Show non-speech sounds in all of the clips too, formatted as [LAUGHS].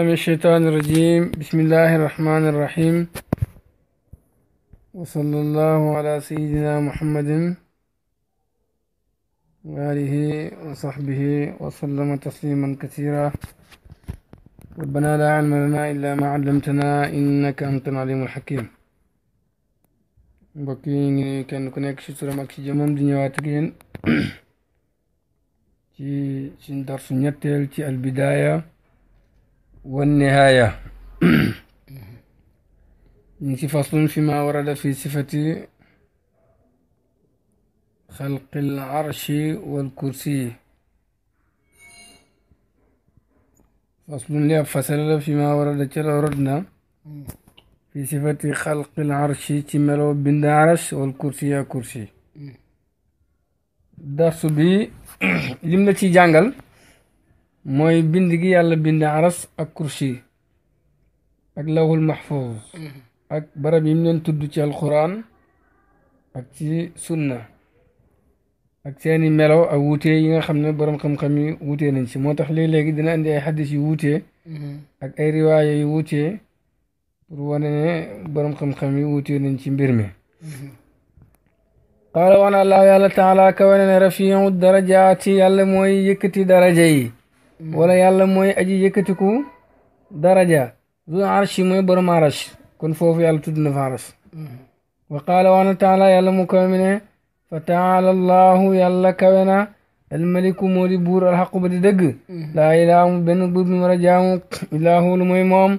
بالله من الشيطان الرجيم بسم الله الرحمن الرحيم وصلى الله على سيدنا محمد وآله وصحبه وسلم تسليما كثيرا ربنا لا علم لنا إلا ما علمتنا إنك أنت العليم الحكيم بكين كان كنك شسر مكسي جمم دنيواتكين في [CLEARS THROAT] درس نتل في البداية والنهاية [CLEARS THROAT] نيجي فصل فيما ورد في صفة خلق العرش والكرسي فصل لي فصل فيما ورد كلا وردنا في صفة خلق العرش تملو بند عرش والكرسي يا كرسي درس بي [CLEARS THROAT] لم نتي جانجل موي بندقي يالا بند عرس الكرسي اك لوح المحفوظ اك برب يمنن تدو تي القران اك تي سنه اك تاني ملو او ووتي ييغا خامن بروم خم خم يي نانسي موتاخ لي لغي دينا اندي اي حديث يي اك اي روايه يي pour wone borom xam-xam yi wuute nañ ci mbir mi mm-hmm. qaala wana allahu yàlla taala kawane ne rafiu darajaati yàlla mooy yëkkati daraja yi ولا يالا موي ادي ييكاتيكو درجه ذو عرش موي بروم عرش كون فوف يالا تودنا فارس وقال وانا تعالى يالا مكمنه فتعالى الله يالا كوينا الملك مولي بور الحق بدي لا اله بن بور من رجام اله الموي موم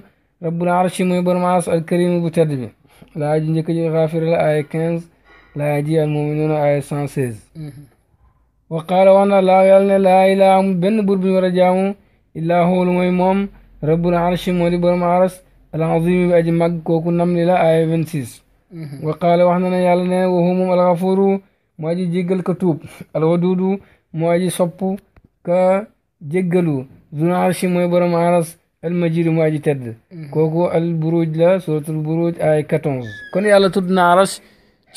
رب العرش موي بروم عرش الكريم بتدبي لا اجي غافر الايه 15 لا اجي المؤمنون ايه 116 وقال وانا لا يلن لا إله بن برب ورجاو إلا هو الميمم رب العرش مولي برم عرس العظيم بأجمع كوكو نمل لا اي 26 وقال وانا يلن وهم الغفور مواجي جيغل كتوب الودود مواجي صبو ka jéggalu zul arshi mooy borom aras al majid mu aji tedd kooku البروج buruj la suratul buruj 14 kon yàlla tudd na aras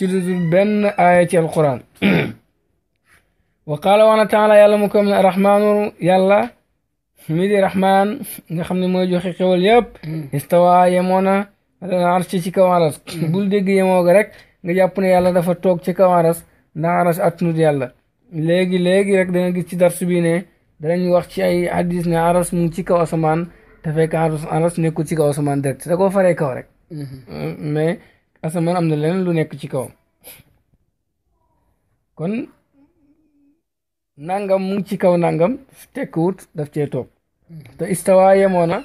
بن lu dul benn waqaala wax na taala yàlla mu ko ne rahmaanu yàlla mi di rahmaan nga xam ne mooy joxe xewal yëpp istawa yemoo na aras ci kaw aras bul dégg yemoo ga rek nga jàpp ne yàlla dafa toog ci kaw aras ndax aras atnut yàlla léegi léegi rek da nga gis ci darsu bi ne danañ wax ci ay hadis ne aras mu ngi ci kaw asamaan te fekk aras aras nekkul ci kaw asamaan direct da koo faree kaw rek mais asamaan am na leneen lu nekk ci kaw kon nangam mu ngi ci kaw nangam tekkiwut daf cee toog te istawa yemoo na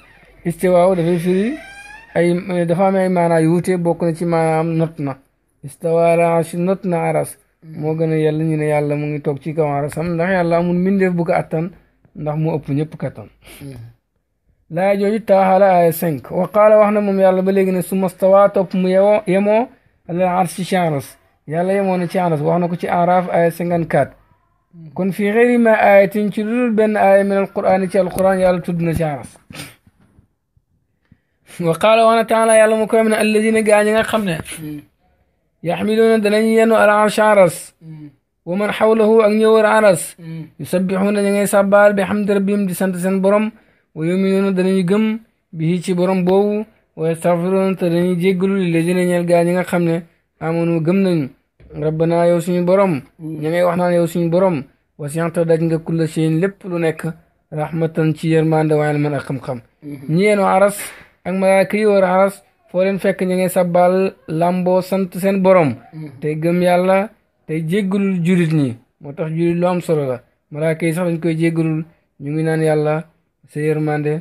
istiwaaw dafay firi dafa am ay maanaa yu bokk na ci maanaam not na istawa ala arshi not na aras moo gën a yàlla ñu ne yàlla mu ngi toog ci kaw arasam ndax yàlla amul attan ndax mu ëpp ñëpp kattan mm-hmm. laa jooju taaxaala aaya cinq wa qaala wax na moom yàlla ba léegi ne su mastawa topp mu yemoo yemoo ala arshi ci aras yàlla yemoo na ci aras wax na ko ci araaf aaya cinquante كن في غير ما آية تشرر بين آية من القرآن تشال القرآن يا لتدنا شارس [LAUGHS] وقال وانا تعالى يا لمكوية من الذين قاعدين قمنا يحملون دنيا على شارس ومن حوله أنيور عرس يسبحون دنيا سبار بحمد ربهم دي سنت سن برم ويؤمنون دنيا قم به برم بو ويستغفرون دنيا جيقلوا للذين قاعدين قمنا آمنوا قمنا rabbana yow suñu borom ña wax naan yow suñu borom wasi'ta daj nga kulla shay'in lépp lu nekk rahmatan ci yërmande wa ilman ak xam-xam ñi yéen aras ak malaaka yi war aras foo leen fekk ña ngay sabbal lamboo sant seen borom tey gëm yàlla tey jéggalul jurit ñi moo tax jurit lu am solo la malaaka yi sax dañ koy jéggalul ñu ngi naan yàlla sa yërmande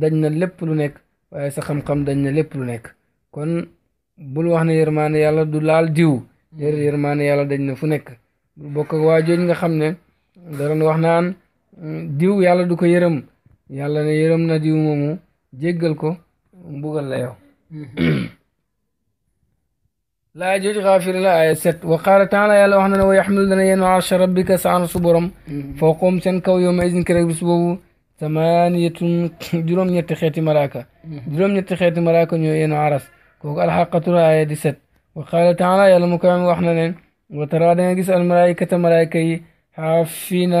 dañ na lépp lu nekk waaye sa xam-xam dañ na lépp lu nekk kon bul wax ne yërmande yàlla du laal diw yër yërmaane yàlla dañ na fu nekk bu bokk ak waa jooju nga xam ne daroon wax naan diw yàlla du ko yërëm yàlla ne yërëm na diw moomu jéggal ko mbugal la yow laa jooju xaafir la aya sept wa qaala taala yàlla wax na ne wa yaxmil dana yéen arsha rabbika saan su borom fooqoom seen kaw yow ma isin kerek bis boobu samaaniyatun juróom-ñetti xeeti malaaka juróom-ñetti xeeti malaaka ñoo yéen aras kooku alxaqatu la aya di sept وقال تعالى يا المكرم وحنا وترى نجس الملائكة ملائكة حافين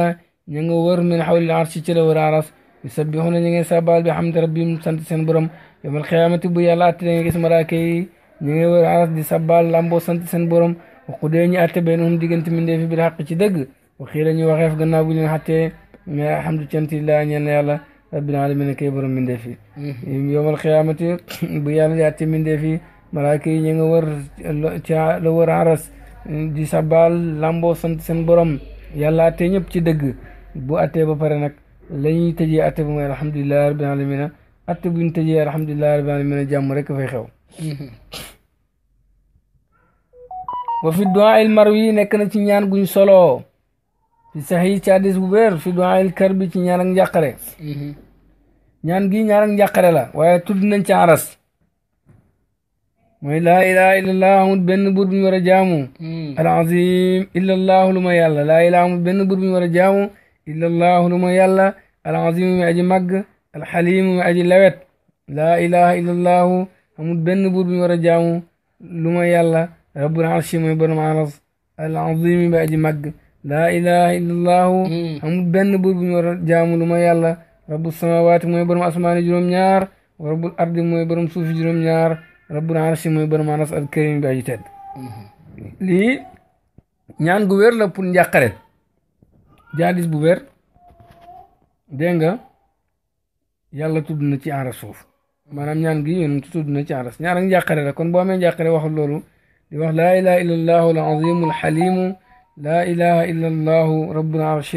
ينور من حول العرش تلا ورارس يسبحون نجس سبال بحمد ربهم سنت سنبرم يوم القيامة بيا لا تنجس ملائكة ينور عرس دي سبال لامبو سنت سنبرم وقديني أت بينهم دقنت من دفي بالحق تدق وخيرا يوقف قلنا بولين حتى الحمد لله الله أن يلا رب العالمين كبر من دفي يوم القيامة بيا لا من دفي malaaka yi ñu nga wër ca la aras mm, di sabal lamboo sant seen borom yàlla attee ñëpp ci dëgg bu attee ba pare nag la ñuy tëjee atte bu mooy alhamdulilahi rabbil alamina atte bu ñu tëjee alhamdulilahi rabbil alamina jàmm rek fay xew [LAUGHS] wa fi duaa il marwi nekk na ci ñaan guñ solo fi saxi ci hadis bu wér fi duaa il karbi ci ñaan ak mm-hmm. ñaan gi ñaan ak la waaye tudd nañ ci aras لا اله الا الله بن بور بن ورا العظيم الا الله لما يلا لا اله الا بن بور بن ورا جامو الا الله لما يلا العظيم اجي مغ الحليم اجي لويت لا اله الا الله امود بن بور بن ورا جامو لما يلا رب العرش مي برم عرس العظيم اجي مغ لا اله الا الله امود بن بور بن ورا لما يلا رب السماوات مي برم اسمان جروم نيار ورب الارض مي برم سوف جروم نيار rabbul arsi mooy borom aras al karim bi aji tedd mhm. lii ñaan gu la pour njàqare jaadis bu wér dégg nga yalla tudd na ci aras foofu maanaam ñaan gi yéen tudd na ci aras ñaan ak njàqare la kon boo amee njàqare waxul loolu di wax laa ilaha illa allahu al azimu al arshi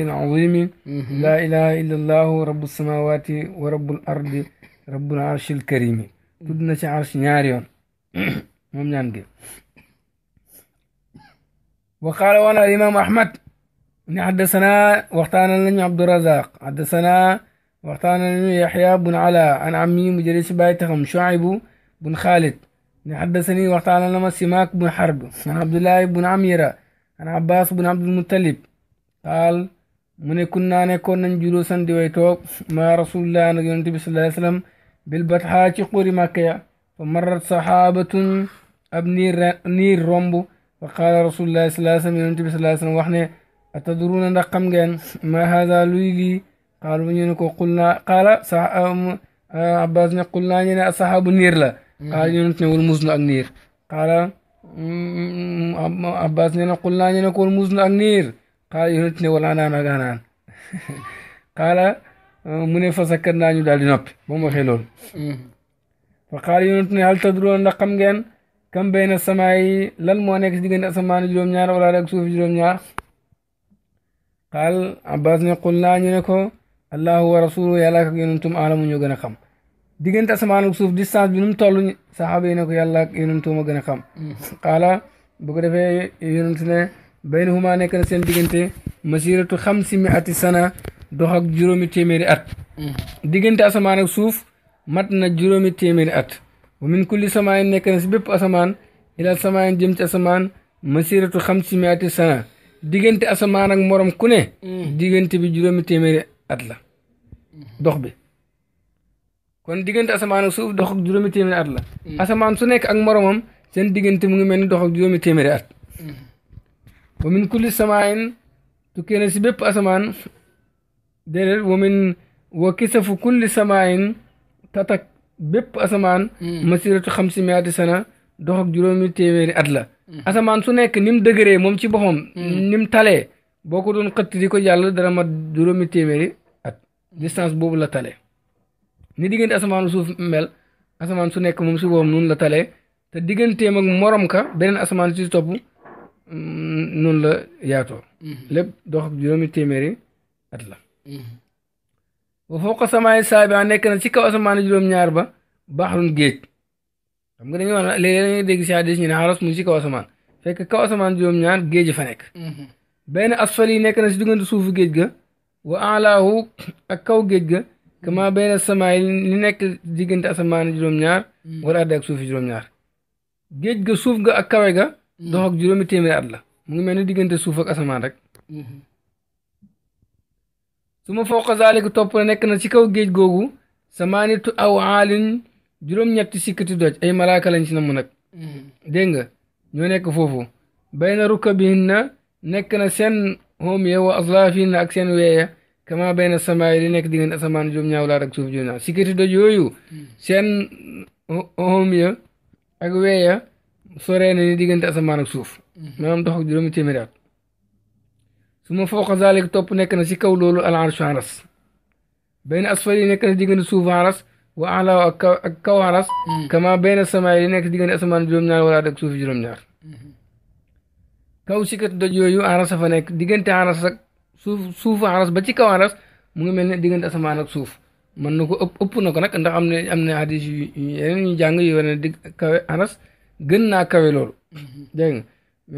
al arshi al karimi تودنا شي عرش نهار يوم مهم نانقل وقال وانا الامام احمد ان حدثنا وقتانا لن عبد الرزاق حدثنا وقتانا لن يحيى بن علاء عن عمي مجلس بيتهم شعيب بن خالد ان حدثني وقتانا لما سماك بن حرب عن عبد الله بن عميرة عن عباس بن عبد المطلب قال من كنا نكون جلوسا دويتوك ما رسول الله صلى الله عليه وسلم بالبطحاء قوري مكيا فمرت صحابة أبني نير رمبو وقال رسول الله صلى الله عليه وسلم صلى الله عليه وسلم وحنا أتدرون رقم جن ما هذا لويلي قالوا ينكو قلنا قال صح آه، عباس قلنا أن أصحاب النير لا قال ينتني والمزن النير قال عباس ينا أن ينكو مزن النير قال ينتني ولا أغانان [LAUGHS] قال mu ne fa sakkat naa ñu daal di noppi ba mu waxee loolu fa xaal yonent ne hal tadruuna ndax xam ngeen kam béy na samaa yi lan moo nekk si diggante asamaan juróom-ñaar wala rek suuf juróom-ñaar xaal abbas ne xul naa ñu ne ko allahu wa rasulu yàlla ak yonentum aalamu ñoo gën a xam diggante asamaan suuf distance bi nu mu toll saxaaba yi ne ko yàlla ak yonentum a gën a xam xaala bu ko defee yonent ne baynahuma nekk na seen diggante masiratu xam si mi ati sana dox ak juróomi téeméeri at mm. diggante asamaan ak suuf mat na juróomi téeméeri at wa min kulli samaayin nekk na bépp asamaan ila samaayin jëm ci asamaan masiratu xamsi miati sana diggante asamaan ak morom ku ne mm. diggante bi juróomi téeméeri at la mm. dox bi kon diggante asamaan suuf dox ak juróomi su nekk ak moromam seen diggante mu ngi mel ni dox ak juróomi téeméeri at na si bépp asamaan déedéet wamin wa kisafu kulli samaayin tatak bépp asamaan hmm. masiratu xam si miati sana dox ak juróomi téeméeri at la hmm. asamaan su nekk ni mu dëgëree moom ci boppam hmm. ni tale boo ko doon xëtt di ko jàll dara mat juróomi téeméeri at distance boobu la tale ni diggante asamaan suuf mel asamaan su nekk moom si boppam noonu la talee te diggante ak morom ka beneen asamaan si topp mm, noonu la yaatoo lépp dox juróomi téeméeri at la Mm-hmm. wa fooqa samaay saabia nekk na si kaw asamaan juróom-ñaar ba baaxarun géej xam nga dañuy wax léeg-léeg dañuy dégg si hadis ñu ne aras mu ngi ci kaw asamaan fekk kaw asamaan juróom-ñaar géej mm-hmm. yi nekk na si diggante suufu géej ga wa alaahu ak kaw géej ga kama mm-hmm. benn samaay nekk diggante asamaan juróom-ñaar wala adda géej ga suuf ga ak kawe ga dox ak juróomi téeméeri at la mu ngi mel ni diggante suuf ak asamaan rek su ma fooqa zaalika topp na nekk na ci kaw géej googu samaanitu aw aalin juróom-ñetti sikkati doj ay malaaka lañ ci na mu nag mm. dégg nga ñoo nekk foofu bay na rukka bihin na nekk na seen xoom ye wa aslaafihin na ak seen weeya kama bay na samaay li nekk diggante asamaan juróom-ñaaw laat suuf ñaaw sikkati doj yooyu mm. seen xoom ya ak weeya na ni diggante asamaan ak suuf mm-hmm. maanaam dox ak juróomi téeméeri ثم فوق ذلك توب نيكنا سيكو لولو العرش عرس بين أسفل نيكنا ديغن سوف عرس وأعلى أكو عرس كما بين السماء نيكنا ديغن أسمان جرم نار ولا دك سوف جرم نار كو سيكت دجو يو عرس فنيك ديغن تي عرس سوف سوف عرس بچي كو عرس مو مين ديغن أسمان دك سوف من نكو أبو نكو نك ندق أمني أمني حديث يعني جانغ يوانا ديغن كو عرس جن نا كو لولو جانغ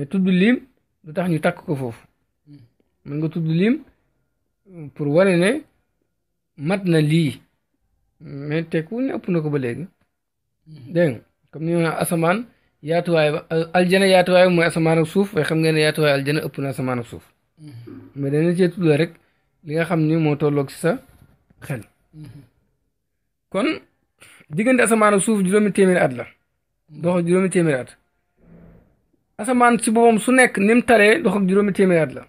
تدو ليم لتحن يتاكو كفوف mën nga tudd lim pour wane ne mat na lii mais tekku ne ëpp na ko ba léegi dégg nga comme ni ma asamaan yaatuwaay ba aljana yaatuwaay mooy asamaan ak suuf waaye xam ngeen ne yaatuwaay aljana ëpp na asamaan ak suuf rek li nga xam ni moo tolloog si sa xel kon diggante asamaan ak suuf juróomi téeméeri at la dox ak juróomi téeméeri at asamaan si boppam su nekk ni mu taree dox ak juróomi téeméeri at la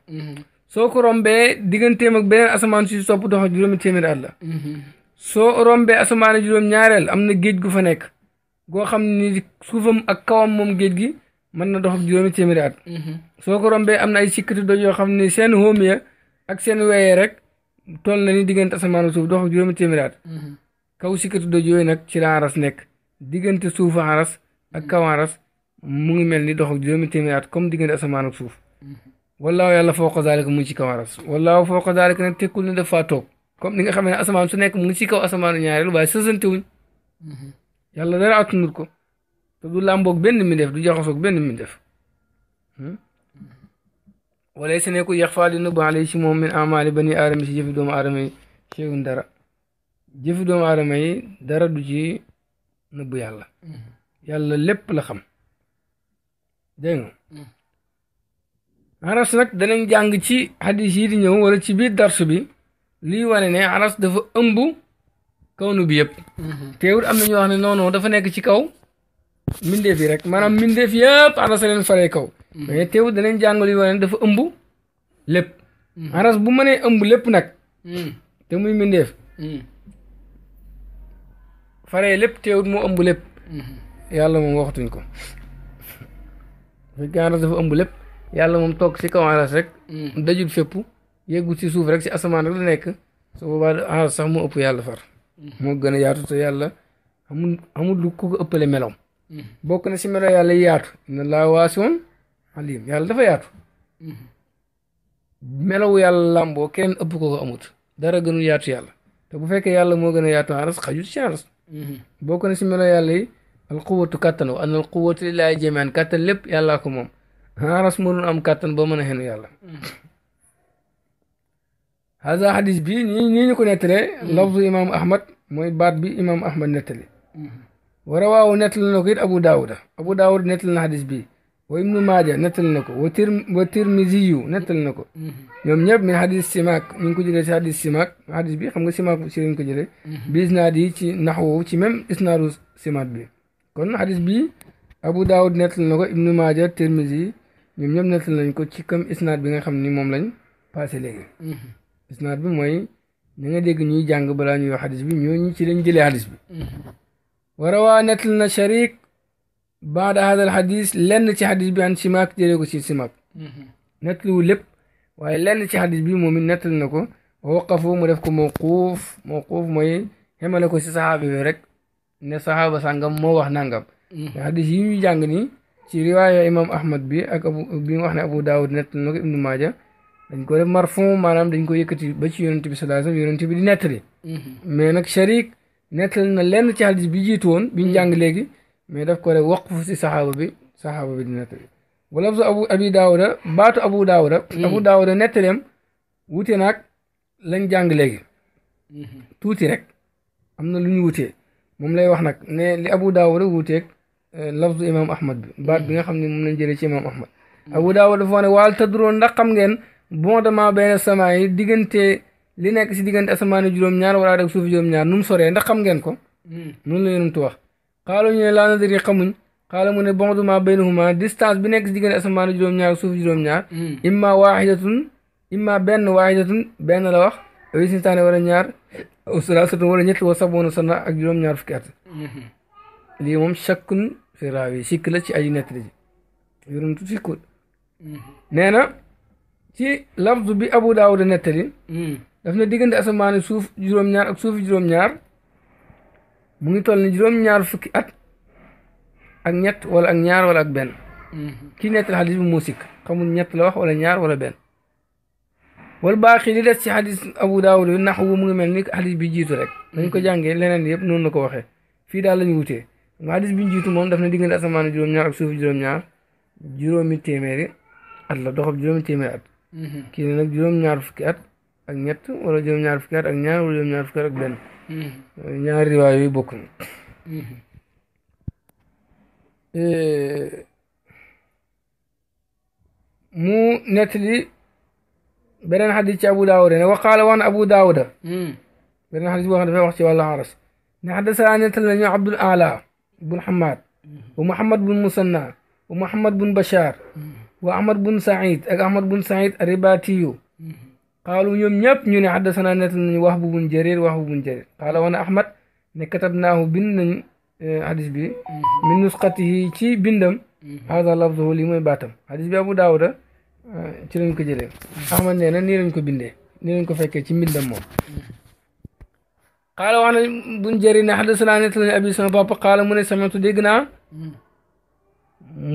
soo ko rombee digganteem ak beneen asamaan si sopp dox juróomi téeméeri at la mm-hmm. soo rombee asamaan juróom ñaareel am na géej gu fa nekk goo xam ni suufam ak kawam moom géej gi mën na dox ak juróomi téeméeri at mm-hmm. soo ko rombee am na ay sikkati doj yoo xam ni seen hóomiya ak seen weeye rek toll na ni diggante asamaan suuf dox ak juróomi téeméeri at mm-hmm. kaw sikkati doj yooyu nag ci la aras nekk diggante suufu ras ak kaw aras mu ngi mel ni dox ak juróomi téeméeri at comme diggante asamaan ak suuf walla yàlla fooqa zaalika mu ngi ci kaw aras wallaahu fooqa zaalika nag tekkul ne dafa toog comme ni nga xam ne asamaan su nekk mu ngi ci kaw asamaanu ñaareelu waaye sësante wuñ mhm. yàlla dara attanul ko te du làmboog benn mi def du jaxasoog benn mi def hmm? mhm. wala si nekku yax faa di nëbb alay si moom min amaali bani aadama si jëfi doomu aadama yi séewun dara jëfi doomu aadama dara du ji nëbb yàlla mhm. yàlla lépp la xam dégg nga aras nag danañ jàng ci xadis yi di ñëw wala ci biir darsu bi liy wane ne aras dafa ëmb kawnu bi yëpp mhm. teewul am na ñoo xam ne noonu dafa nekk ci kaw mbindeef yi rek maanaam mbindeef yëpp aras a leen faree kaw mhm. mais teewul danañ jàng liy wane ne dafa ëmb lépp mhm. aras bu mënee ëmb lépp nag te muy mbindeef faree lépp teewul moo ëmbu lépp yàlla moom waxtuñ ko fekk dafa ëmbu lépp yàlla moom toog si kaw aras rek hmm. dajul fépp yéggul si suuf rek si asamaan rek la nekk su boobaa aras sax moo ëpp yàlla far hmm. moo gën a yaatu te yàlla amul amul lu ku ko ëppale meloom hmm. bokk na si melo yàlla yi yaatu inna laa waasiun alim yàlla dafa yaatu melow yàlla làmboo kenn ëpp ko ko amut dara gënul yaatu yàlla te bu fekkee yàlla moo gën a yaatu aras xajul si aras bokk na si melo yàlla yi al quwatu kàttan wa anna al quwatu lillaahi jamian kàttan lépp yàllaa ko moom aras mënul am kàttan boo mën a xenu bi ñii ñii ñu ko lafzu imam ahmad mooy baat bi imam ahmad nettali wa rawaawu nettali na ko it abu daawuda abu daawuda nettali na bi wa ibnu maaja nettali na ko wa tir tirmiziyu nettali na ko ñoom ñëpp min hadis simaak ñu ngi ko jëlee si hadis simaak hadis bi xam nga simaak si lañ ko jëlee bi isnaad yi ci naxwu ci même isnaadu simaat bi kon hadis bi abu daawud nettali na ibnu maaja tirmizi ñoom ñëpp nettal nañ ko ci comme isnaad bi nga xam ni moom lañ passé léegi. isnaad mhm. bi mooy ñi nga dégg ñuy jàng balaa ñuy wax xadis bi ñooñu ci lañ jëlee xadis bi. Mhm. waa nettal na Sharik baada hadal xadis lenn ci xadis bi an simaak jëlee ko ci simaak. Mhm. nettalu lépp waaye lenn ci xadis bi moom it nettal na ko waqafu mu def ko mawquuf mawquuf mooy xemale ko si saxaabi yooy rek ne saxaaba sangam moo wax nangam. xadis yi ñuy jàng nii. ci riwaaya imam ahmad bi ak abu bi nga wax ne abu daawud nettali na ko ibnu maaja dañ ko def marfon maanaam dañ ko yëkkati ba ci yonent bi sallallahu alayhi wasallam yonent bi di nettali mm-hmm. mais nag sharik nettali na lenn ci hadis bi jiitu woon bi ñu jàng mm-hmm. léegi mais daf ko def waqfu si saxaaba bi saxaaba bi di nettali wala bu abu abi daawuda baatu abu daawuda mm-hmm. abu daawuda nettaleem wute naag lañ jàng léegi tuuti rek am na lu ñu wutee moom lay wax nag ne li abu daawuda wuteeg lafzu imam ahmad bi baat bi nga xam ne moom lañ jëlee ci imam ahmad hmm. abu daawud dafa wax ne waal tadroo ndax xam ngeen bondement benn samaa yi diggante li nekk si diggante asamaan juróom-ñaar wala ak suufi juróom-ñaar nu mu soree ndax xam ngeen ko hmm. noonu la yonumtu wax xaalu ñu ne laa nadri xamuñ xaala mu ne bondement baynahuma distance bi nekk si diggante asamaan juróom-ñaar ak suufi juróom-ñaar hmm. imma waaxidatun imma benn a benn la wax awi sin taane wala ñaar usra satun wala ñett wa saboona sana ak juróom-ñaar fukki at raawi sikk la ci aji nettali ji yurumtu sikkul hmm. nee na ci lafzu bi abu daawuda nettali hmm. daf ne diggante asamaani suuf juróom-ñaar ak suufi juróom-ñaar mu ngi toll ni juróom-ñaar fukki at ak ñett wala ak ñaar wala ak benn hmm. ki nettali xadis bi moo sikk xamul ñett la wax wala ñaar wala benn wal baaqi li des ci xadis abu daawuda nax naxwu mu ngi mel ni xadis bi jiitu rek dañ ko jàngee leneen yëpp noonu la ko waxee fii daal lañu wutee hadis bi ñu jiitu moom daf na diggante asamaan juróom-ñaar ak suuf juróom-ñaar juróomi téeméeri at la doxab juróomi téeméeri at. Mhm. kii ne nag juróom-ñaar fukki at ak ñett wala juróom-ñaar fukki at ak ñaar wala juróom-ñaar fukki at ak benn. Mhm. ñaari riwaay yooyu bokk na. Mhm. mu nettali beneen xadis ci Abu Daawuda ne waqaala waan Abu Daawuda. beneen xadis boo xam ne dafay wax ci wàllu xaras ne xaddasanaa nettal nañu Abdul Aala bun Hamad wa Muhammad bun Musanna wa Muhammad bun Bachar wa Ahmad bun Saïd ak Ahmad bun Saïd Arribatiyu qaalu ñoom ñëpp ñu ne xaddasanaa nettal nañu wax bu bun Jarir wax bu bun Jarir qaala wana Ahmad ne katabnaahu bind nañ eh, hadis bi min nusqatihi ci bindam haada lafzuhu lii mooy baatam hadis bi Abu Daawuda eh, ci lañ ko jëlee Ahmad nee na nii lañ ko bindee nii lañ ko fekkee ci mbindam moom qaala wax na bun jëri ne xadasana netta lane abi sama papa qaala mu ne samitu dégg naa hmm.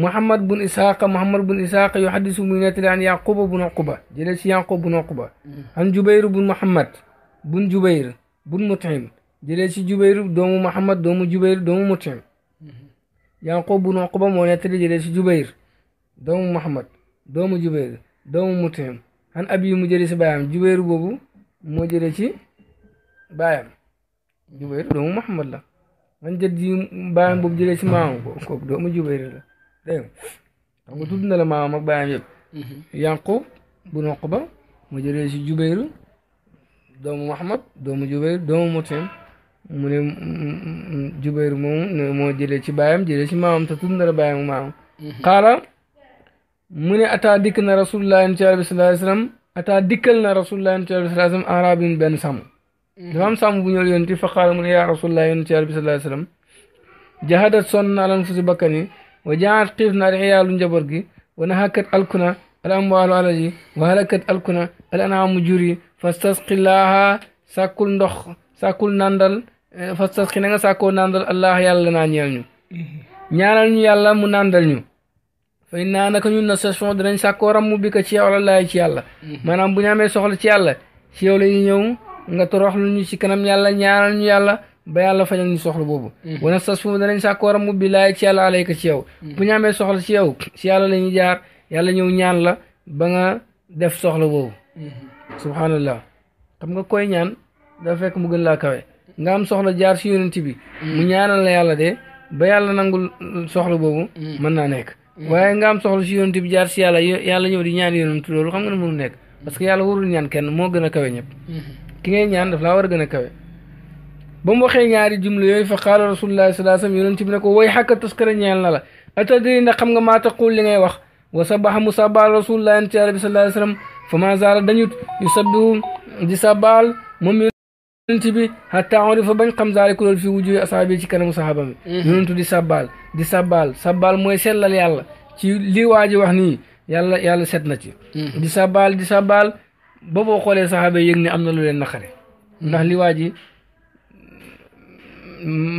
muhammad bun ishaqa muhammad bun ishaqa yu xadisu muy nettali an yaquba bun uquba jëlee si yaqub bun uquba hmm. an jubayr bun muhammad bun jubayr bun mutim jëlee si jubayr doomu muhammad doomu jubayr doomu mutim hmm. yaqub bun uquba moo nettali jëlee si jubayr doomu muhammad doomu jubayr doomu mutim an abi mu jëlee si boobu moo jëlee ci baayam Jubayru doomu Muhammad la man jët ji bàyyam boobu jëlee si ko doomu Jubayru la dégg nga la maamam ak bàyyam yëpp mm-hmm. Yanqub bu noq ba mu jëlee ci Jubayru doomu Muhammad doomu Jubayru doomu Mutaim mu ne Jubayru moom moo jëlee ci bàyyam jëlee si maamam te tudd la bàyyam maamam xaala mm-hmm. mu ne ataa dikk na rasulullah sallallahu alayhi wa sallam ataa dikkal na dafa am sàmm bu ñëw yonti fa xaala mu ne yaa rasulullah yonent yàlla jahadat sonn na alan fu si bakkan yi wa jaat xiif na al iyaalu njaboot gi wa nahakat alkuna al amwaalu alal yi wa halakat alkuna al anaamu jur yi fastasqilaaha sàkkul ndox sàkkul nàndal eh, fastasqi na nga sàkkoo nàndal allah yàlla naa ñeel ñu ñaanal ñu yàlla mu nàndal ñu fay naa naka ñun na station dinañ sàkkoo ramm bi ko ci yow la laay ci yàlla mm-hmm. maanaam bu ñu amee nga toroxlu ñu ci kanam yàlla ñaanal ñu yàlla ba yàlla fajal ñu soxla boobu wana sas fu sa sàkkoor mu bi laay ci yàlla alayka ci yow mm-hmm. bu amee soxla ci yow ci yàlla la jaar yàlla ñëw ñaan la ba nga def soxla boobu mm-hmm. subhanallah xam nga koy ñaan dafa fekk mu gën laa kawe nga am soxla jaar si yonent bi mm-hmm. mu ñaanal la yàlla de ba yàlla nangul soxla boobu man naa nekk waaye nga am soxla ci yonent bi jaar ci yàlla yàlla ñëw di ñaan yonent loolu xam nga ne mënu nekk parce que yàlla warul ñan kenn moo gën a kawe ñëpp ki ngay ñaan daf laa war a gën a kawe ba mu waxee ñaari jumla yooyu fa qaala rasulullahi sallallahu alayhi wasallam yonent bi na ko way xakka taskara ñeel na la atadri ndax xam nga maa taqul li ngay wax wa sabaxa mu sabaal rasulullahi yonent yàlla bi sallallahu alayhi wasallam fa ma zaala dañut yu sabbihu di sabaal moom yonent bi xatta urifa bañ xam zaale ku loolu fi wujuhi asaabi ci kanamu saxaaba mi mm-hmm. yonentu di sabaal di sabaal sabaal mooy sellal yàlla ci li waa ji wax ni yàlla yàlla set na ci mm-hmm. di sabaal ba boo xoolee saxaaba yëg ne am na lu leen naqare ndax li waa ji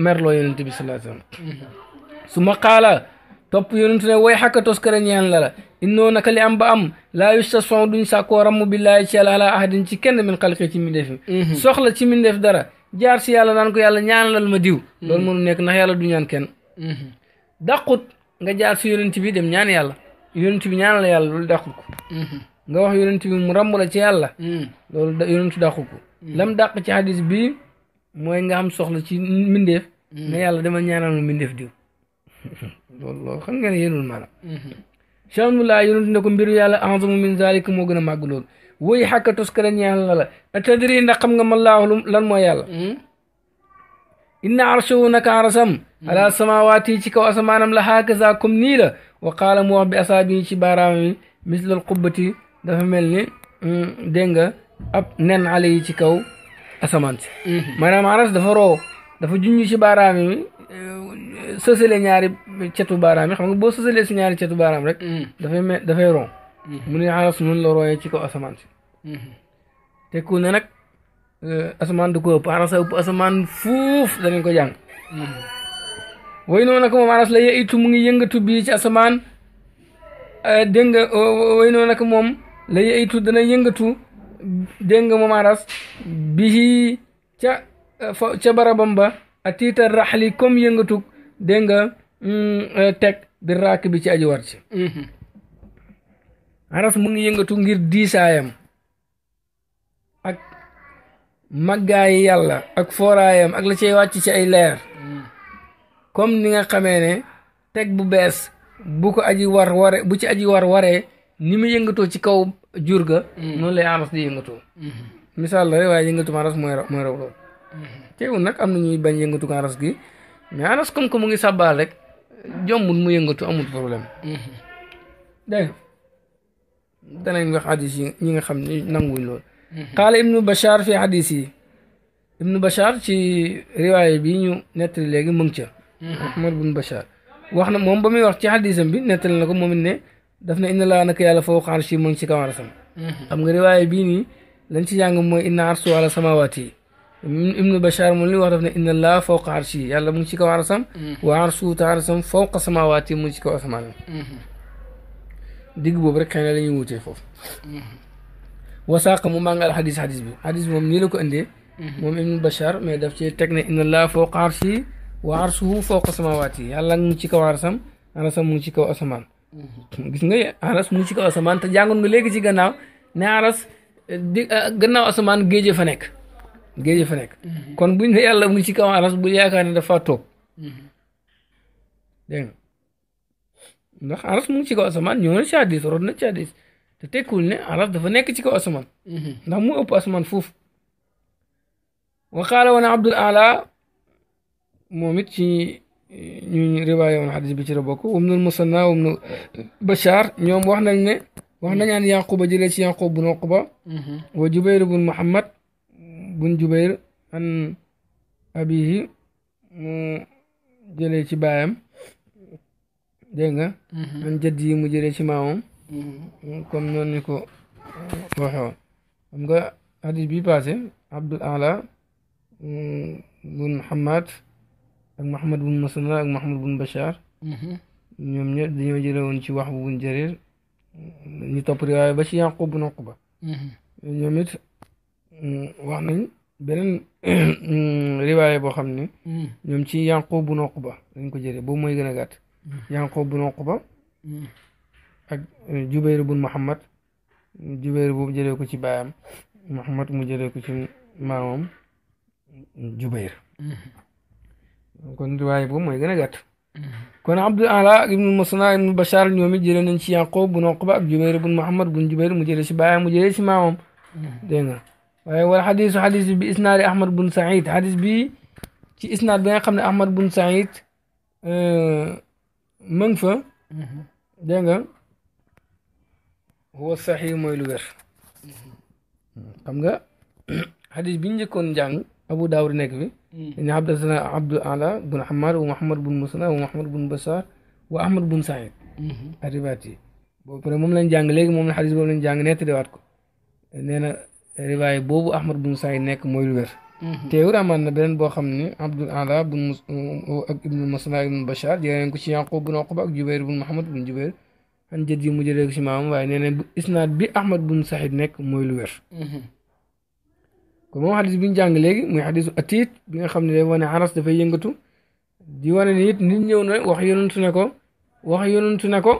merloo yonent bi sallallahu su ma qaala topp yonent ne way xakka toskara ñaan la la innoo naka li am ba am laa yusta son duñ sàkkoo ramm billaahi ci yàlla ala ahadin ci kenn min xalqi ci min defi mhm. soxla ci min def dara jaar si yàlla naan ko yàlla ñaanalal ma diw mhm. loolu mënu nekk nax yàlla du kenn mhm. dàqut nga jaar si yonent bi dem ñaan yàlla yonent bi ñaan la yàlla loolu dàqut ko nga wax yonent bi mu ràmm la ci yàlla hmm. loolu da yonentu dàqu hmm. lam dàq ci hadis bi mooy nga am soxla ci mbindeef hmm. ne yàlla dama ñaanal ma mbindeef diw [LAUGHS] loolu loolu xam nga ne yéenul maanaam chanmulaa yonentu ne ko mbiru yàlla azamu min zalik moo gën a loolu woy xàkka toskara ñaan la la tadri ndax xam nga man lan mooy yàlla inna arshahu naka arasam ala samawaati ci kaw asamaanam la hakaza comme nii la wa qaala mu wax bi asaabi ci baaraama mi mislal qubbati dafa mel ni mm, dégg nga ab nen ale yi ci kaw asamaan si mhm. maanaam aras dafa roo dafa junj ci baaraam yi euh, sësale ñaari cetu baaraam yi xam nga boo sësalee si ñaari cetu baaraam rek mhm. dafay me dafay ron mhm. mu ne aras noonu la rooyee ci kaw asamaan te ku ne nag euh, asamaan du ko ëpp aras ëpp asamaan fuuf ko jàng way noonu nag moom aras la yee itu mu ngi yëngatu bii ci asamaan euh, dégg nga way noonu nag moom ay yeytu dana yëngatu dégg nga maras, bihi ca ca barabam ba atita rahli raxli comme yëngatug dégg nga bi mm, rak bi ci aji war ci mhm. aras mu ngi yëngatu ngir disayam ak màggaayi yàlla ak foraayam ak la cay wàcc ci ay leer mhm. comme ni nga xamee ne bu bees bu ko aji war ware bu ci aji war waree ni mu yëngatoo ci kaw jur ga mm-hmm. noonu lay aras di yëngatoo mm-hmm. Misal la rek waaye yëngatu aras mooy raw mooy raw loolu mm-hmm. teewul nag am na ñuy bañ yëngatu aras gi mais aras comme que mu ngi sàbbaal rek jombul mu yëngatu amul problème dégg danañ wax hadis yi ñi nga xam ne nanguñ ibnu bachar fi hadis yi ibnu Bashar ci riwaaya bi ñu nettali léegi mu ngi ca ahmad ibnu bachar wax na moom ba muy wax ci hadisam bi nettali na ko ne daf na inna laa naka yàlla fawqa arshi mu ngi ci kaw arsam xam nga riwaaya bii nii lañ ci jàng mooy inna arsu ala samawaati yi ibnu bachar mu li wax daf ne inna laa fawqa arshi yàlla mu ngi ci kaw arsam wa arsu ta arsam fawqa samawaati yi mu ngi ci kaw asamaan digg boobu rek xëy na la ñuy wutee foofu wasaaq mu maa ngi al xadis xadis bi xadis bi moom nii la ko indee moom ibnu bachar mais daf cee teg ne inna laa fawqa arshi wa arsuhu fawqa samawaati yi yàlla mu ngi ci kaw arsam arsam mu ngi ci kaw asamaan gis nga aras mu ngi ci kaw asamaan ta jàngoon nga léegi ci gannaaw ne aras eh, di eh, gannaaw asamaan géeje fa nekk géeje fa nekk mhm. kon bu ne yàlla mu ngi kaw aras bu yaakaar ne mhm. dégg nga ndax aras mu ngi ci kaw asamaan ñëw na ci hadiis rot na ci hadiis te tekkul ne aras dafa nekk ci kaw asamaan mhm. ndax mu ëpp asamaan foofu wa qaala abdul ala moom ci ñu riwaayé woon xadis bi ci la bokk wumnul musanna wumnu bachar ñoom wax nañ ne wax nañ an yaquba jëlee ci yaqub bun oqba wa jubayr bun muhammad bun jubayr an abihi mu jëlee ci baayam dégg nga an jëdd yi mu jëlee ci maamam comme noonu ni ko uh, waxe woon nga xadis bi passé abdul ala um, bun muhammad ak Muhammad bun Masana ak Muhammad bun Bachar. Mhm. ñoom ñëpp dañoo jële woon ci wax bu bun Jarir ñu topp riwaaya ba ci Yaqub bun Uqba. Mhm. ñoom it mm, wax beneen mm, riwaaya boo xam ne. Mhm. ñoom ci Yaqub bun Uqba dañ ko jëlee boobu mooy gën a gàtt. Yaqub bun Uqba. ak eh, Jubayr bun Muhammad Jubayr boobu jëlee ko ci baayam Muhammad mu jëlee ko ci maamam Jubayr. kon riwaay mooy gën a gàtt mm-hmm. kon abdul ala ibnu musna ibnu bashar ñoom it jëlee nañ ci yaqub bun oqba ak jubayr bun muhammad bun jubayr mu jëlee si baaya mu jëlee si mm-hmm. nga waaye wala xadisu xadis bi bi isnaadi ahmad bun said xadis bi ci isnaad xam ne ahmad bun said euh, ma ngi fa mm-hmm. nga huwa xam nga xadis bi njëkkoon njàng أبو داود نكفي إن حدثنا عبد الأعلى بن حمار ومحمد بن مسنى ومحمد بن بشار وأحمد بن سعيد الرباطي boobu pare moom lañ jàng léegi moom la xadis boobu lañ jàng nettaliwaat ko nee na riwaay boobu Ahmad bun Saïd nekk mooy lu wér. Hmm. teewul amaan na beneen boo xam ne Abdul Ala bun Mus ak Ibnu Masna Ibnu Bachar jëlee ko ci Yaqub bun Uqba ak Jubayr bun Muhammad bun Jubayr an jët yi mu jëlee ko ci maam waaye nee na isnaad bi Ahmad bun Saïd nekk mooy lu wér. Hmm. kon moom xadis bi ñu jàng léegi muy xadisu atiit bi nga xam ne day wane aras dafay yëngatu di wane ni it nit ñëw na wax yonantu ne ko wax yonantu ne ko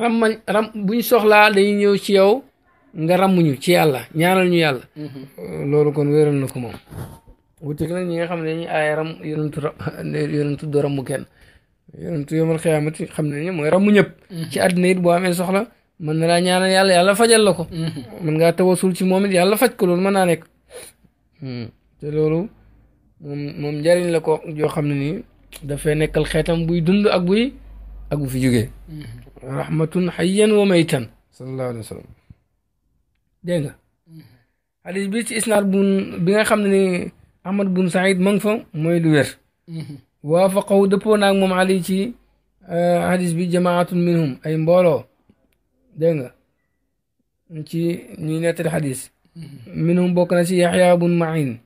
ram ram buñ soxlaa dañuy ñëw ci yow nga rammuñu ci yàlla ñaanal ñu yàlla mm-hmm. loolu kon wéeral na ko moom wutik nag ñi nga xam ne dañuy aay ram yonantu yonantu do rammu kenn yonantu yomal xiyaamati xam ne ni mooy rammu ñëpp mm-hmm. ci àddina it boo amee soxla mën na laa ñaanal yàlla yàlla fajal la ko mm-hmm. mën ta tawasul ci moom it yàlla faj ko loolu mën naa nekk mm. moom moom njariñ la ko joo xam ne nii dafay nekkal xeetam buy dund ak buy ak bu fi jógee mm-hmm. rahmatun hayyan wa maytan sallallahu nga xadis mm-hmm. bi ci bun bi nga xam ne ni ahmad bun saïd ma ngi fa mooy lu wér waafaqahu dëppoo naag moom ali ci xadis euh, bi jamaatun minhum ay mbooloo dégg nga ci ñuy nettali xadis mm-hmm. minhum na ci yaxya bun mahin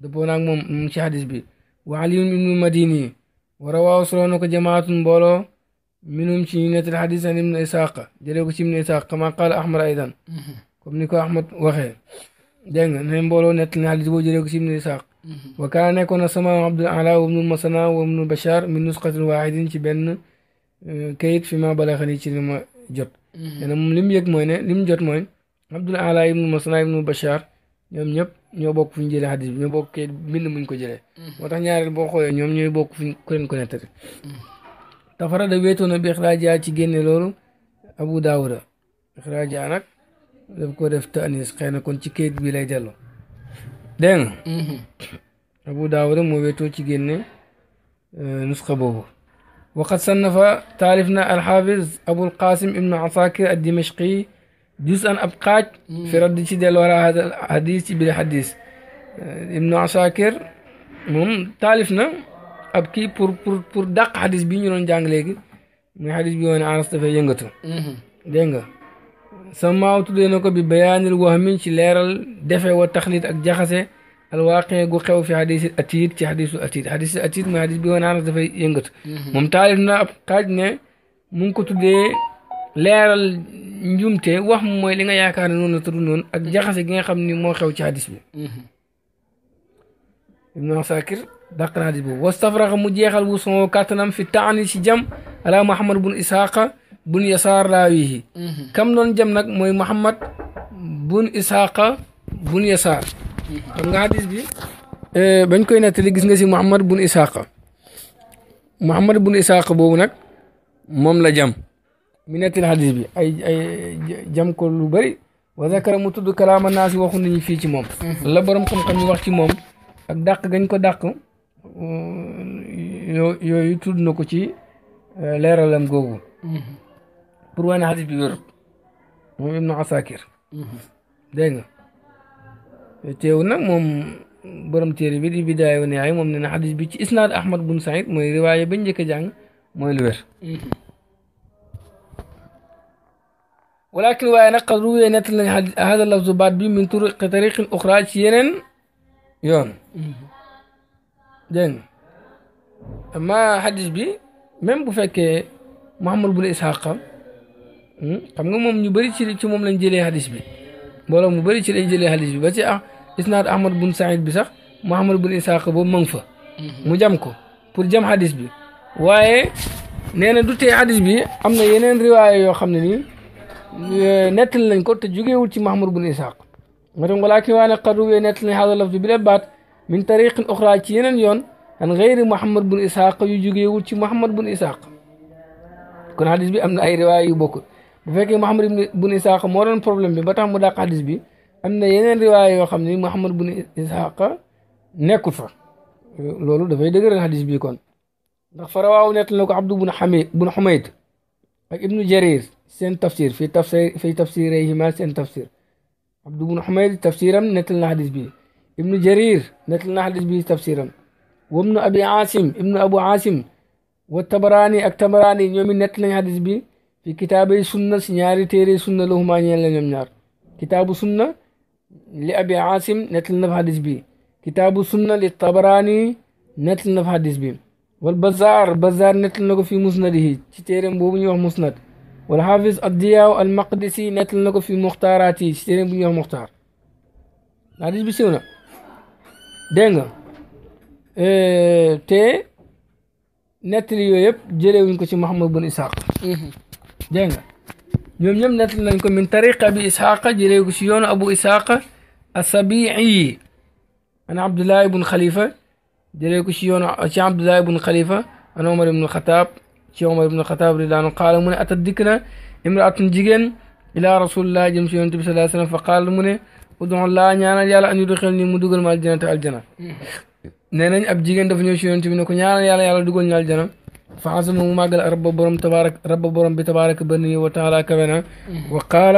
dëppoo naag moom ci xadis bi wa aliyun ibnu madini wa rawaaw soloo na ko jamaatun mbooloo minhum ci ñuy nettali xadis an ibnu isaq jëlee ko ci ibnu isaq kama qaala ahmad aydan mm-hmm. comme ni ko ahmad waxee dégg nga ne mbooloo nettali na xadis ko ci ibnu isaq mm-hmm. wa kaana nekkoon na sama abdul ala wa ibnu masana wa ibnu bachar min nusqatin waahidin ci benn eh, kayit fi ma balaxani ci li ma jot nee mhm. na moom li mu yëg mooy ne li mu jot mooy Abdul Ala ibnu Masna ibnu Bachar ñoom ñëpp ñoo bokk fu ñu jëlee xadis ñoo bokk kayit mbind muñ ko jëlee mhm. moo tax ñaareel boo xoolee ñoom ñooy bokk fuñ ku leen ko nettali mhm. tafarada wéetoo na bi ci génne loolu Abu Daawuda ixraaja nag daf ko def tanis xëy na kon ci kayit bi lay dellu dégg nga Abu Daawuda moo wéetoo ci génne euh, nusxa boobu وقد صنف تعرفنا الحافظ أبو القاسم ابن عساكر الدمشقي جزءا ابقات في رد شديد وراء هذا الحديث بالحديث ابن عساكر من تالفنا أبكي بور بور بور دق حديث بين يرون جانج لك من حديث بيوان عرصت في ينغتو دينغا سماو تدينوكو ببيان الوهمين شلير الدفع والتخليط أك جخسي الواقع يقول في حديث الأتيد في حديث الأتيد حديث الأتيد ما حديث بيه نعرف ده إيه، في ينقط ممتاز إن أبقادنا ممكن تدي لير الجمتة وهم ما يلينا يا كارنون نترنون أجزاك سجين خم نيم ما في حديث بيه ابن عساكر دقنا حديث بيه واستفرغ مجيخ الوصول كاتنام في التعني سجم على محمد بن إسحاق بن يسار راويه كم نون جمنا محمد بن إسحاق بن يسار xam nga hadis bi eh, koy nettali gis nga si Muhammad bun Isaaq Muhammad bun Isaaq boobu nag moom la jam mi nettali hadis bi ay ay jam ko lu bëri wa zakara mu tudd kalaama naa si waxu nañu fii ci moom mhm. la borom xam-xam ñu wax ci moom ak dàq gañ ko dàq euh, yooyu tudd na ko ci euh, leeralam googu mhm. pour wane hadis bi wérut moom Ibnu Asakir mhm. dégg nga teew nag moom borom téere bi di bidaaya wa nihaaya moom nee na xadis bi ci isnaad ahmad bun saïd mooy riwaaya ba njëkk a jàng mooy lu wér walakin waaye nag qad ruwee nettal nañ hada baat bi min turuqi tariqin uxra ci yeneen yoon bi même bu fekkee muhammad bun isxaqa hmm, xam nga moom ñu bari ci ci moom lañ jëlee xadis bi mbooloo mu bari ci lay jëlee xadis bi ba ci ah isnaad ahmad bun saïd bi sax muhammad bun isaaq boobu ma ngi fa mu jam ko pour jam xadis bi waaye nee na du tee xadis bi am na yeneen riwaaya yoo xam ne nii nettal nañ ko te jógeewul ci muhammad bun isaaq ma tam ki waa ne qad ruwee nettal nañ hada lafdu bi lebaat min tariqin oxra ci yeneen yoon an gayri muhammad bun isaaq yu jógeewul ci muhammad bun isaaq kon xadis bi am na ay riwaaya yu bokkul bu fekkee Muhammad bun Isaaq moo doon problème bi ba tax mu dàq xadis bi am na yeneen riwaay yoo xam ne Muhammad bun Isaaq nekkut fa loolu dafay dëgëral xadis bi kon ndax fa rawaaw nett na ko Abdu bun Xamid bun Xumayd ak Ibnu Jarir seen tafsir fi tafsir fii tafsirayhima seen tafsir Abdu bun Xumayd tafsiram nettal na xadis bi Ibnu Jarir nettal na xadis bi tafsiram wabnu Abi Asim Ibnu Abu Asim wa Tabaraani ak Tabaraani ñoom nett nañ xadis bi fi kitaabay sunna si ñaari téere sunna lahumaa ñeel la ñoom ñaar kitaabu sunna li abi asim nettal na fa xadis bi kitaabu sunna li tabaraani nettal na fa xadis bi wal bazaar bazaar nettal na ko fi musnadihi ci téereem boobu ñuy wax musnad wal xaafis addiyaaw al maqdisi nettal na ko fi muxtaaraat yi ci téereem bu ñuy wax muxtaar xadis bi siw na eh, te nettali yooyu yëpp jëlewuñ ko ci Muhammad bin Isaaq mhm. جنجا نيوم نيوم نتلا نكون من طريق أبي إسحاق جليك سيون أبو إسحاق السبيعي أنا عبد الله بن خليفة جليك سيون أشي عبد الله بن خليفة أنا عمر بن الخطاب شي عمر بن الخطاب رضي الله قال من أتدكنا امرأة جيجن إلى رسول الله جل صلى الله عليه وسلم فقال من ودعو الله نيانا يالا أن يدخلني مدوغل مع الجنة الجنة نينا أب جيجن دفن يوشي ينتبه نكو نيانا يالا الجنة فعزمه ما قال رب برم تبارك رب برم بتبارك بني وتعالى كبنا وقال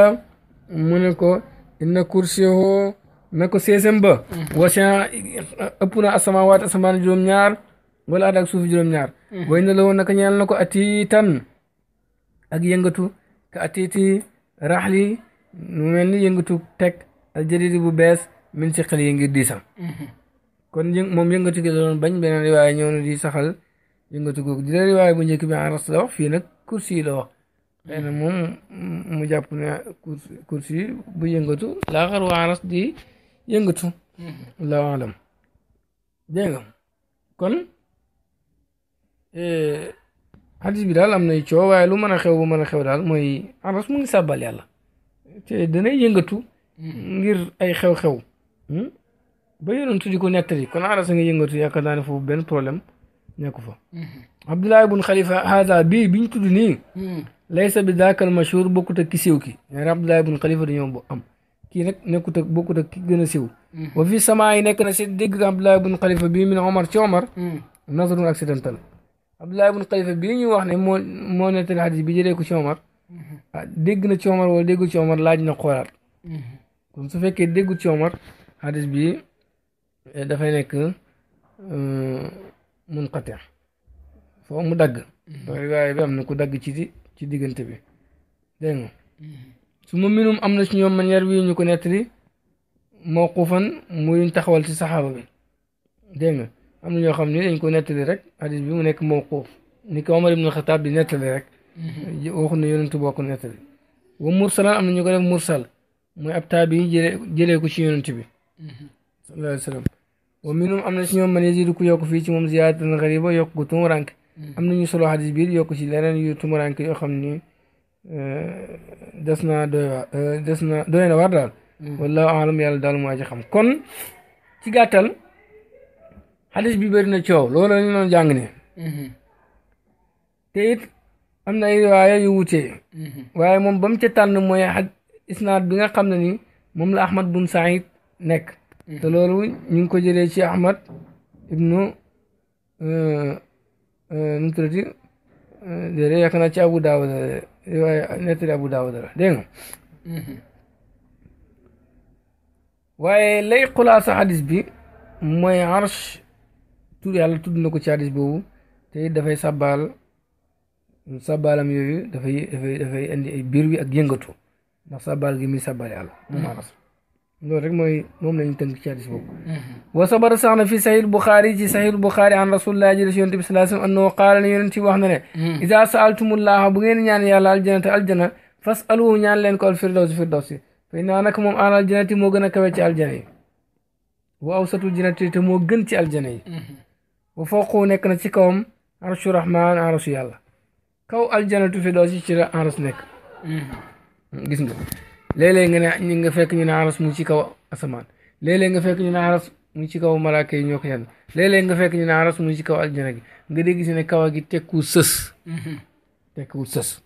منكو إن كرسيه نكو سيسم با وشا أبنا السماوات السمان جوم نار ولا أدك سوف جوم نار وين لو نك نيال نكو أتيتن أجي ينغتو كأتيتي رحلي نمني ينغتو تك الجديد بس من سقل ينغي ديسا kon moom yëngatu gi doon bañ beneen riwaay ñëw دي saxal yëngatu googu di la riwaay bu njëkk bi aras la wax fii nag kursi la wax xëy na moom mu jàpp ne kursi bu yëngatu laaxar wa aras di yëngatu mhm. allahu alam dégg nga kon xadis e, bi daal am nay coow waaye lu mën a xew bu mën xew daal mooy aras mu ngi sàbbal yàlla te danay yëngatu mhm. ngir ay xew-xew hmm? ba yonentu di ko nettali kon aras a nga yëngatu yaakaar naa ne foofu benn problème نكفى عبد الله بن خليفة هذا بي بنت دني ليس بذاك المشهور بوكتا كسيوكي يعني عبد الله بن خليفة دنيوم بو أم kii nag nekkut ak bokkut ak ki gën a siw wa fi samaa yi nekk na si dégg abdoulaye bun xalifa bii min omar ci omar nasrun accidental abdoulaye bun xalifa bii ñuy wax ne moo moo nettali xadis bi jëlee ko ci omar dégg na ci omar wala déggu ci omar laaj na xoolaat kon su fekkee déggu ci omar xadis bi dafay nekk منقطع فهو مدق رواية بام نكو دق تي تي ديغنت بي دينو ثم منهم امنا شنو من يروي نكو نتري موقوفا مولين تخوال تي صحابة بي دينو امنا نيو خمني نكو نتري رك حديث بي منك موقوف نكو عمر بن الخطاب بي نتري رك وخنا يونتو بوكو نتري ومرسل امنا نكو نتري مرسل مو ابتابي جيلي كو شنو نتري صلى الله عليه وسلم wa minhum am na si ñoom man yaziidu ku yokk fii ci moom ziyaadatan gariba yokk gu tumuranke hmm. am na ñu solo xadis biir yokk ci leneen yu tumuranke yoo xam ni eh, des naa eh, des na doy na war daal hmm. wallahu alam yàlla daal moo ci xam kon ci gàttal xadis bi bëri na coow loolu lañu doon jàng ne hmm. am na ay riwaaya yu wutee waaye moom ba mu ca tànn mooy isnaad bi nga xam ne ni moom la Ahmad bun Saïd nekk te loolu ñu ngi ko jëlee ci ahmad ibnu euh, euh, nu mu tuddati euh, ci abu daawuda waaye nettali abu daawuda la dégg nga mm-hmm. waaye lay xulaasa xadis bi mooy arsh tudd yàlla tudd na ko ci xadis boobu te dafay sabbaal sabbaalam yooyu dafay dafay dafay indi ay biir ak yëngatu ndax sabbaal gi muy sabbaal yàlla loolu rek mooy moom lañu tënk ci mhm. wa sabara sax na fi sahih buxaari ci sahih buxaari an rasulillah jële si yonent ne yonent bi wax mhm. bu ngeen ñaan yàlla aljanata aljana fasaluhu ñaan leen ko al firdawsi firdawsi fa inna naka moom an aljanati moo gën a kawe ci aljana yi wa awsatul janati te moo gën ci yi mhm. wa fawqu nekk na ci kawam arshu rahman arsu yàlla kaw aljanatu firdawsi ci la arsu nekk léeg-léeg nga ne nga fekk ñu ne mu ngi ci kaw asamaan léeg-léeg nga fekk ñu ne aras mu ci kaw malaaka yi ñoo ko yàlla léeg nga fekk ñu ne aras mu ngi ci kaw aljana gi nga dégg si ne kaw gi tekku sës mhm. tekku sës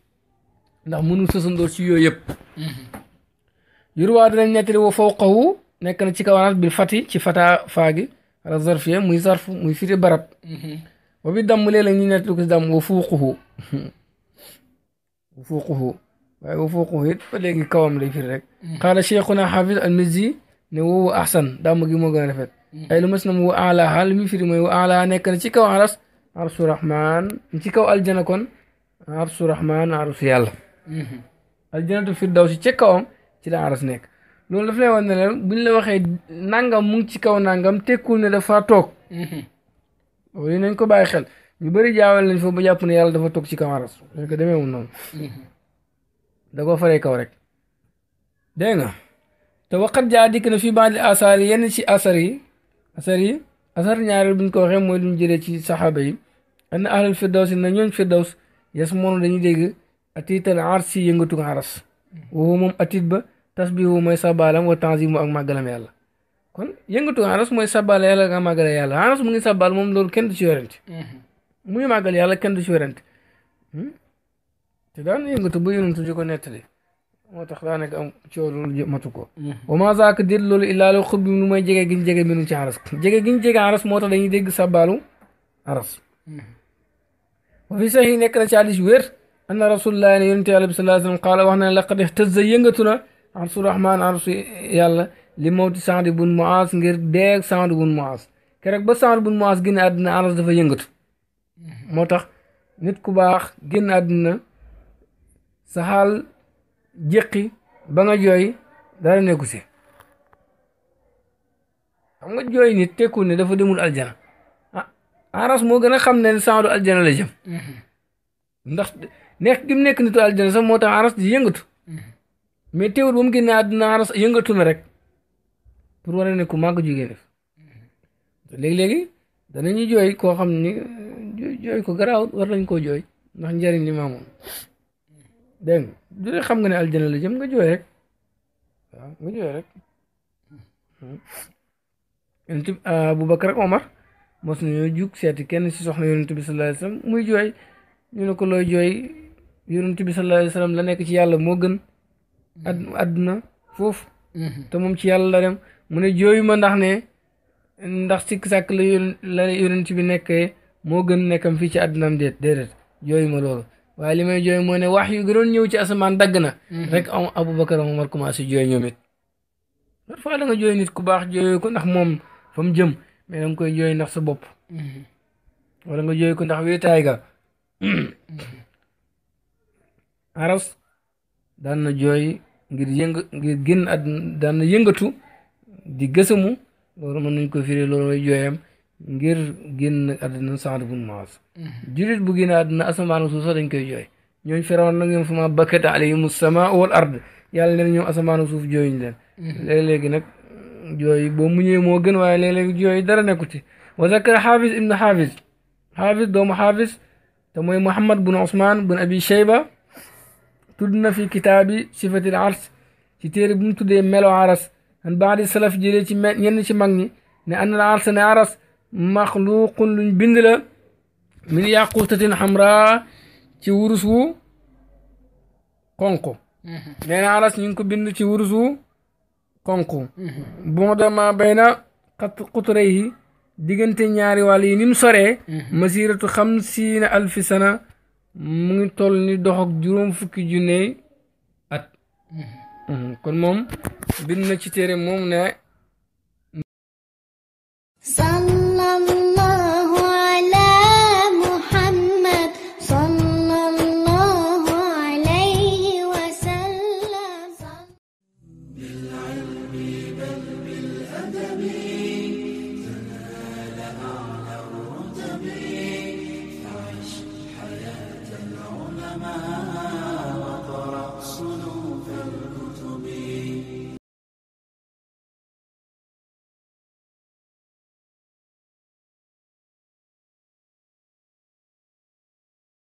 ndax mënu sësandoor ci yooyu yëpp mhm. yurwaa dinañ nettali wa nekk na ci kaw aras bil fati ci fata faagi aras zarfiya muy zarf muy firi barab mhm. wa bi damm léeg-léeg ñu ko si damm wa fuuquhu [LAUGHS] wa fuuquhu waaye wa fooqu it ba léegi kawam lay firi rek xaala mm-hmm. cheikhuna xafis al mizzi ne woowu ahsan damm gi moo gën a rafet ay mm-hmm. lu mas na mu wa alaa li muy firi mooy wa alaa nekk na ci kaw aras arsu rahman ci kaw aljana kon arsu rahman arsu yàlla mm-hmm. aljanatu firdaws kawam ci la aras nekk loolu daf lay wan ne leen buñ la waxee nangam mu ci kaw nangam tekkul ne dafa toog loolu nañ ko bàyyi xel ñu bari jaawal lañ foofu ba jàpp ne yàlla dafa toog ci kaw aras parce que da koo faree kaw rek dégg nga te waqat jaa dikk na fii baadi asar yi yenn ci asar yi asar yi asar ñaareel buñ ko waxee mooy luñ jëlee ci saxaaba yi ann ahlul firdaws yi na ñooñ firdaws yes moonu dañuy dégg atiital arsi yëngatu aras woowu moom atiit ba tasbihu mooy sabbaalam wa tanzimu ak màggalam yàlla kon yëngatu aras mooy sabbaal yàlla nga màggale yàlla mu ngi sabbaal moom loolu kenn du ci werante mhm. muy màggal yàlla kenn du ci werante hmm? te daan yëngatu ba yonent di ko nettali moo tax daanaka am coow loolu matu ko mhm. wa ma zaaka déet loolu illaa lu xub bi nu may jege giñ jege minu ci aras jege giñ jege aras moo tax dañuy dégg sabbaalu aras mhm. wa fi sax nekk na ci hadis wér anna rasulullah ne yonente yàlla bi salaa sallam qaala wax na ne laqad ihtazza yëngatu na arsu rahmaan arsu li mawti Saad bun Muaas ngir deeg Saad bun Muaas keroog ba Saad bun Muaas génn àddina aras dafa yëngatu mhm. moo tax nit ku baax génn àddina sa xaal jéqi ba nga jooy dara nekku si xam nga jooy nit tekku ne dafa demul aljana ah aras moo gën a xam ne saadu aljana la jëm mm-hmm. ndax nekk gi mu nekk nitu aljana sax moo tax aras di yëngatu mm-hmm. mais teewul ba mu génne àdduna aras yëngatu na rek pour war a ne ku màgg jógee def mm-hmm. léegi-léegi danañu jooy koo xam ni jooy ko garaawut war nañ koo jooy ndax njariñ li maamoon dégg nga du xam nga ne aljana la jëm nga jooy rek waaw nga rek hmm. yonent bi ah, Aboubacar ak Omar mos nañoo jug seeti kenn si soxna yonent bi sallallahu muy jooy ñu ne ko looy jooy yonent bi sallallahu alayhi la nekk ci yàlla moo gën ad adduna foofu hmm. te moom ci yàlla la dem mu ne jooyu ma ndax ne ndax sikk sakk la la yonent bi nekkee moo gën nekkam fii ci addunaam déet déedéet jooyu ma loolu waaye li may jooy mooy ne wax yu gënoon ñëw ci asamaan dagg na mhm. rek am Aboubacar Omar commencé jooy ñoom it loolu faa jooy nit ku baax jooy ko ndax moom fa jëm mais da koy jooy ndax sa bopp mhm. wala nga ko ndax wéetaay ga mhm. aras daan na jooy yëngatu di gësamu loolu mën nañ ko firee loolu lay jooyam ngir génn àddina Saad bun Muaaz jullit bu génn àdduna asamaan suuf sax dañ koy jooy ñooñ firawn nag ñoom fama bakkat alayhim sama wal ard yàlla neen ñoom asamaan suuf jooyuñ leen mhm. léeg-léegi nag jooy boo muñee moo gën waaye léeg-léegi jooy dara nekku ci wa zakar xaafis ibnu xaafis xaafis doomu xaafis te mooy muhammad bun osman bun abi sheyba tudd na fi kitaabi sifatil ars ci téere bu mu tuddee melo aras an baadi salaf jëlee ci ñenn mag ñi ne an al ars aras maxluqun luñ bind min yaquutatin xamraa ci wurus wu xonq mm-hmm. nee na anas ñu ko bind ci wurus wu xonq mm-hmm. bu dama bay na xat xuturayhi diggante ñaari wàll yi ni mu soree mm-hmm. masiratu xamsiina alfi sana mu ngi toll ni dox ak fukki junne at kon moom bind ci téere moom ne